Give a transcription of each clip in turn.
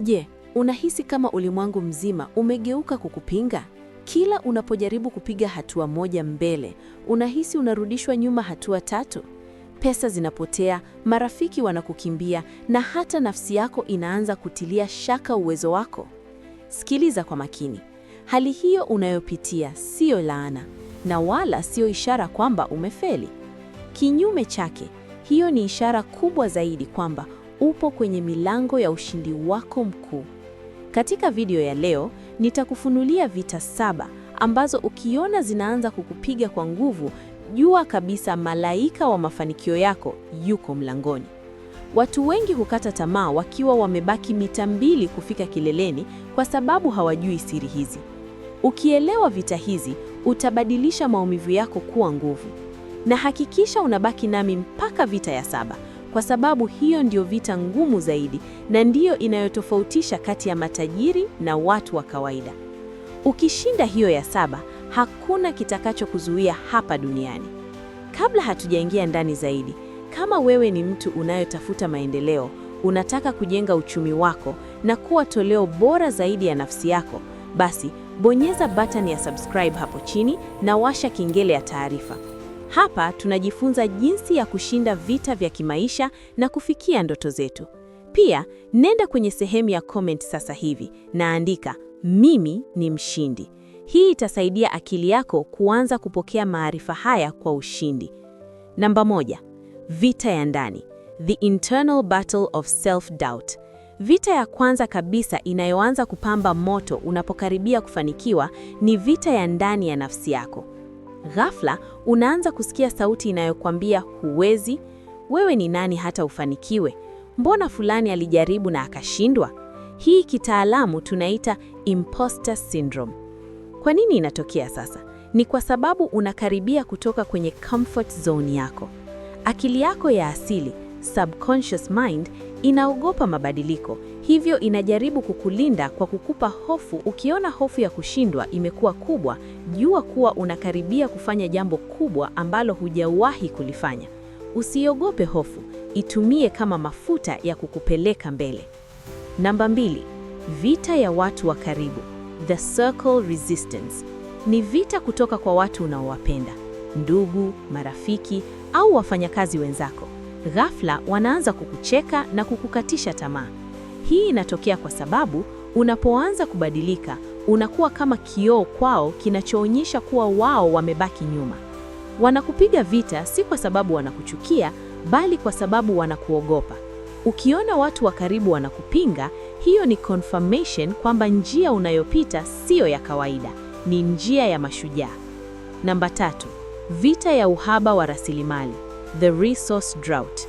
Je, unahisi kama ulimwengu mzima umegeuka kukupinga? Kila unapojaribu kupiga hatua moja mbele, unahisi unarudishwa nyuma hatua tatu. Pesa zinapotea, marafiki wanakukimbia, na hata nafsi yako inaanza kutilia shaka uwezo wako. Sikiliza kwa makini. Hali hiyo unayopitia siyo laana na wala siyo ishara kwamba umefeli. Kinyume chake, hiyo ni ishara kubwa zaidi kwamba upo kwenye milango ya ushindi wako mkuu. Katika video ya leo nitakufunulia vita saba ambazo ukiona zinaanza kukupiga kwa nguvu, jua kabisa malaika wa mafanikio yako yuko mlangoni. Watu wengi hukata tamaa wakiwa wamebaki mita mbili kufika kileleni kwa sababu hawajui siri hizi. Ukielewa vita hizi, utabadilisha maumivu yako kuwa nguvu. Na hakikisha unabaki nami mpaka vita ya saba kwa sababu hiyo ndiyo vita ngumu zaidi na ndiyo inayotofautisha kati ya matajiri na watu wa kawaida. Ukishinda hiyo ya saba, hakuna kitakachokuzuia hapa duniani. Kabla hatujaingia ndani zaidi, kama wewe ni mtu unayotafuta maendeleo, unataka kujenga uchumi wako na kuwa toleo bora zaidi ya nafsi yako, basi bonyeza button ya subscribe hapo chini na washa kengele ya taarifa. Hapa tunajifunza jinsi ya kushinda vita vya kimaisha na kufikia ndoto zetu. Pia nenda kwenye sehemu ya comment sasa hivi na andika mimi ni mshindi. Hii itasaidia akili yako kuanza kupokea maarifa haya kwa ushindi. Namba moja, vita ya ndani, the internal battle of self doubt. Vita ya kwanza kabisa inayoanza kupamba moto unapokaribia kufanikiwa ni vita ya ndani ya nafsi yako ghafla unaanza kusikia sauti inayokwambia huwezi, wewe ni nani hata ufanikiwe, mbona fulani alijaribu na akashindwa. Hii kitaalamu tunaita imposter syndrome. Kwa nini inatokea sasa? Ni kwa sababu unakaribia kutoka kwenye comfort zone yako. Akili yako ya asili subconscious mind inaogopa mabadiliko Hivyo inajaribu kukulinda kwa kukupa hofu. Ukiona hofu ya kushindwa imekuwa kubwa, jua kuwa unakaribia kufanya jambo kubwa ambalo hujawahi kulifanya. Usiogope hofu, itumie kama mafuta ya kukupeleka mbele. Namba mbili, vita ya watu wa karibu, the circle resistance. Ni vita kutoka kwa watu unaowapenda, ndugu, marafiki au wafanyakazi wenzako. Ghafla wanaanza kukucheka na kukukatisha tamaa. Hii inatokea kwa sababu unapoanza kubadilika, unakuwa kama kioo kwao kinachoonyesha kuwa wao wamebaki nyuma. Wanakupiga vita si kwa sababu wanakuchukia, bali kwa sababu wanakuogopa. Ukiona watu wa karibu wanakupinga, hiyo ni confirmation kwamba njia unayopita siyo ya kawaida, ni njia ya mashujaa. Namba tatu, vita ya uhaba wa rasilimali, the resource drought.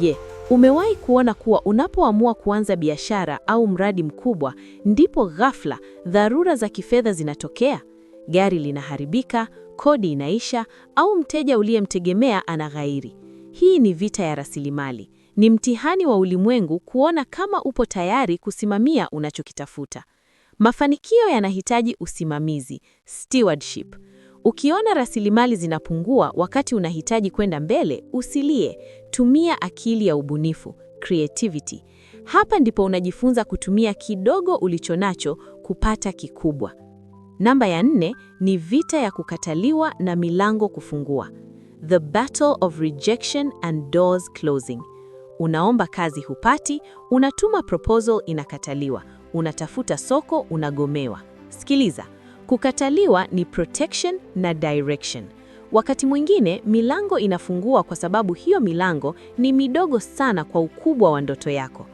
Je, Umewahi kuona kuwa unapoamua kuanza biashara au mradi mkubwa, ndipo ghafla dharura za kifedha zinatokea? Gari linaharibika, kodi inaisha, au mteja uliyemtegemea anaghairi. Hii ni vita ya rasilimali, ni mtihani wa ulimwengu kuona kama upo tayari kusimamia unachokitafuta. Mafanikio yanahitaji usimamizi, stewardship. Ukiona rasilimali zinapungua wakati unahitaji kwenda mbele, usilie. Tumia akili ya ubunifu, creativity. Hapa ndipo unajifunza kutumia kidogo ulichonacho kupata kikubwa. Namba ya nne ni vita ya kukataliwa na milango kufungua. The battle of rejection and doors closing. Unaomba kazi hupati, unatuma proposal inakataliwa, unatafuta soko unagomewa. Sikiliza. Kukataliwa ni protection na direction. Wakati mwingine milango inafungua kwa sababu hiyo milango ni midogo sana kwa ukubwa wa ndoto yako.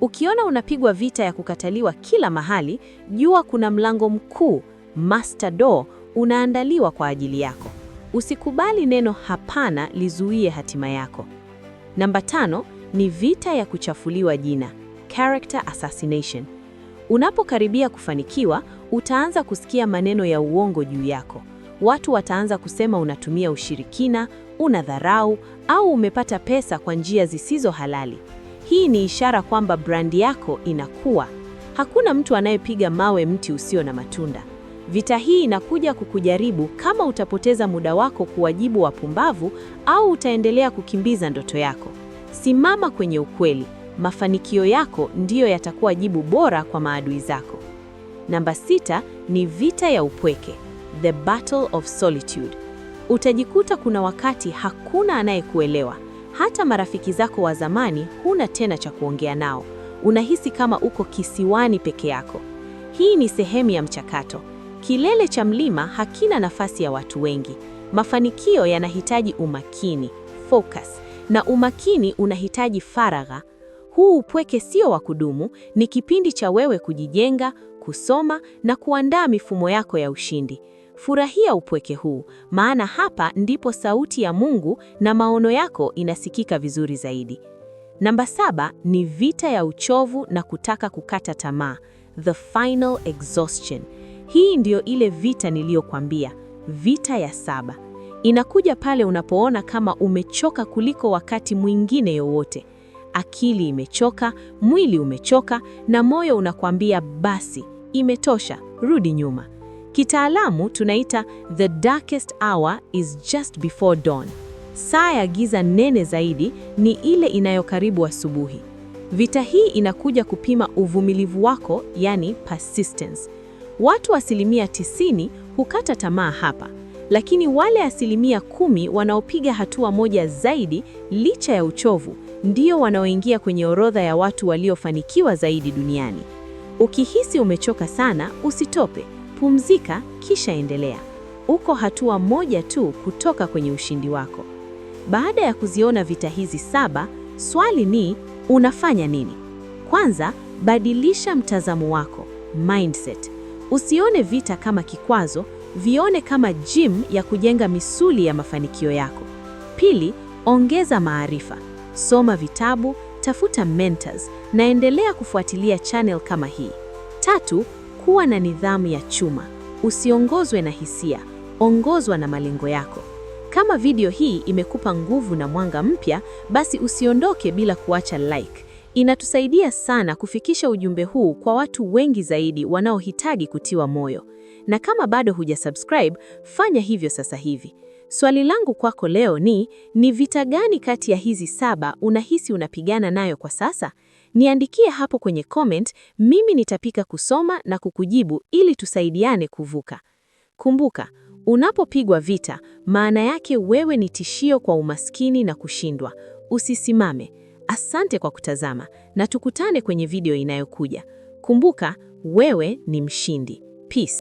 Ukiona unapigwa vita ya kukataliwa kila mahali, jua kuna mlango mkuu, master door, unaandaliwa kwa ajili yako. Usikubali neno hapana lizuie hatima yako. Namba tano ni vita ya kuchafuliwa jina, character assassination. Unapokaribia kufanikiwa, utaanza kusikia maneno ya uongo juu yako. Watu wataanza kusema unatumia ushirikina, una dharau au umepata pesa kwa njia zisizo halali. Hii ni ishara kwamba brandi yako inakuwa. Hakuna mtu anayepiga mawe mti usio na matunda. Vita hii inakuja kukujaribu kama utapoteza muda wako kuwajibu wapumbavu au utaendelea kukimbiza ndoto yako. Simama kwenye ukweli. Mafanikio yako ndiyo yatakuwa jibu bora kwa maadui zako. Namba sita ni vita ya upweke, the battle of solitude. Utajikuta kuna wakati hakuna anayekuelewa, hata marafiki zako wa zamani huna tena cha kuongea nao, unahisi kama uko kisiwani peke yako. Hii ni sehemu ya mchakato. Kilele cha mlima hakina nafasi ya watu wengi. Mafanikio yanahitaji umakini, focus, na umakini unahitaji faragha. Huu upweke sio wa kudumu, ni kipindi cha wewe kujijenga, kusoma na kuandaa mifumo yako ya ushindi. Furahia upweke huu, maana hapa ndipo sauti ya Mungu na maono yako inasikika vizuri zaidi. Namba saba ni vita ya uchovu na kutaka kukata tamaa, the final exhaustion. Hii ndiyo ile vita niliyokwambia, vita ya saba. Inakuja pale unapoona kama umechoka kuliko wakati mwingine yowote. Akili imechoka, mwili umechoka na moyo unakwambia basi. Imetosha, rudi nyuma. Kitaalamu tunaita the darkest hour is just before dawn. Saa ya giza nene zaidi ni ile inayokaribu asubuhi. Vita hii inakuja kupima uvumilivu wako, yani persistence. Watu asilimia tisini hukata tamaa hapa, lakini wale asilimia kumi wanaopiga hatua moja zaidi licha ya uchovu ndio wanaoingia kwenye orodha ya watu waliofanikiwa zaidi duniani. Ukihisi umechoka sana, usitope, pumzika kisha endelea. Uko hatua moja tu kutoka kwenye ushindi wako. Baada ya kuziona vita hizi saba, swali ni unafanya nini? Kwanza, badilisha mtazamo wako, mindset. Usione vita kama kikwazo, vione kama gym ya kujenga misuli ya mafanikio yako. Pili, ongeza maarifa. Soma vitabu, tafuta mentors na endelea kufuatilia channel kama hii. Tatu, kuwa na nidhamu ya chuma. Usiongozwe na hisia, ongozwa na malengo yako. Kama video hii imekupa nguvu na mwanga mpya, basi usiondoke bila kuacha like. Inatusaidia sana kufikisha ujumbe huu kwa watu wengi zaidi wanaohitaji kutiwa moyo. Na kama bado hujasubscribe, fanya hivyo sasa hivi. Swali langu kwako leo ni ni vita gani kati ya hizi saba unahisi unapigana nayo kwa sasa? Niandikie hapo kwenye comment, mimi nitapika kusoma na kukujibu ili tusaidiane kuvuka. Kumbuka, unapopigwa vita, maana yake wewe ni tishio kwa umaskini na kushindwa. Usisimame. Asante kwa kutazama na tukutane kwenye video inayokuja. Kumbuka, wewe ni mshindi. Peace.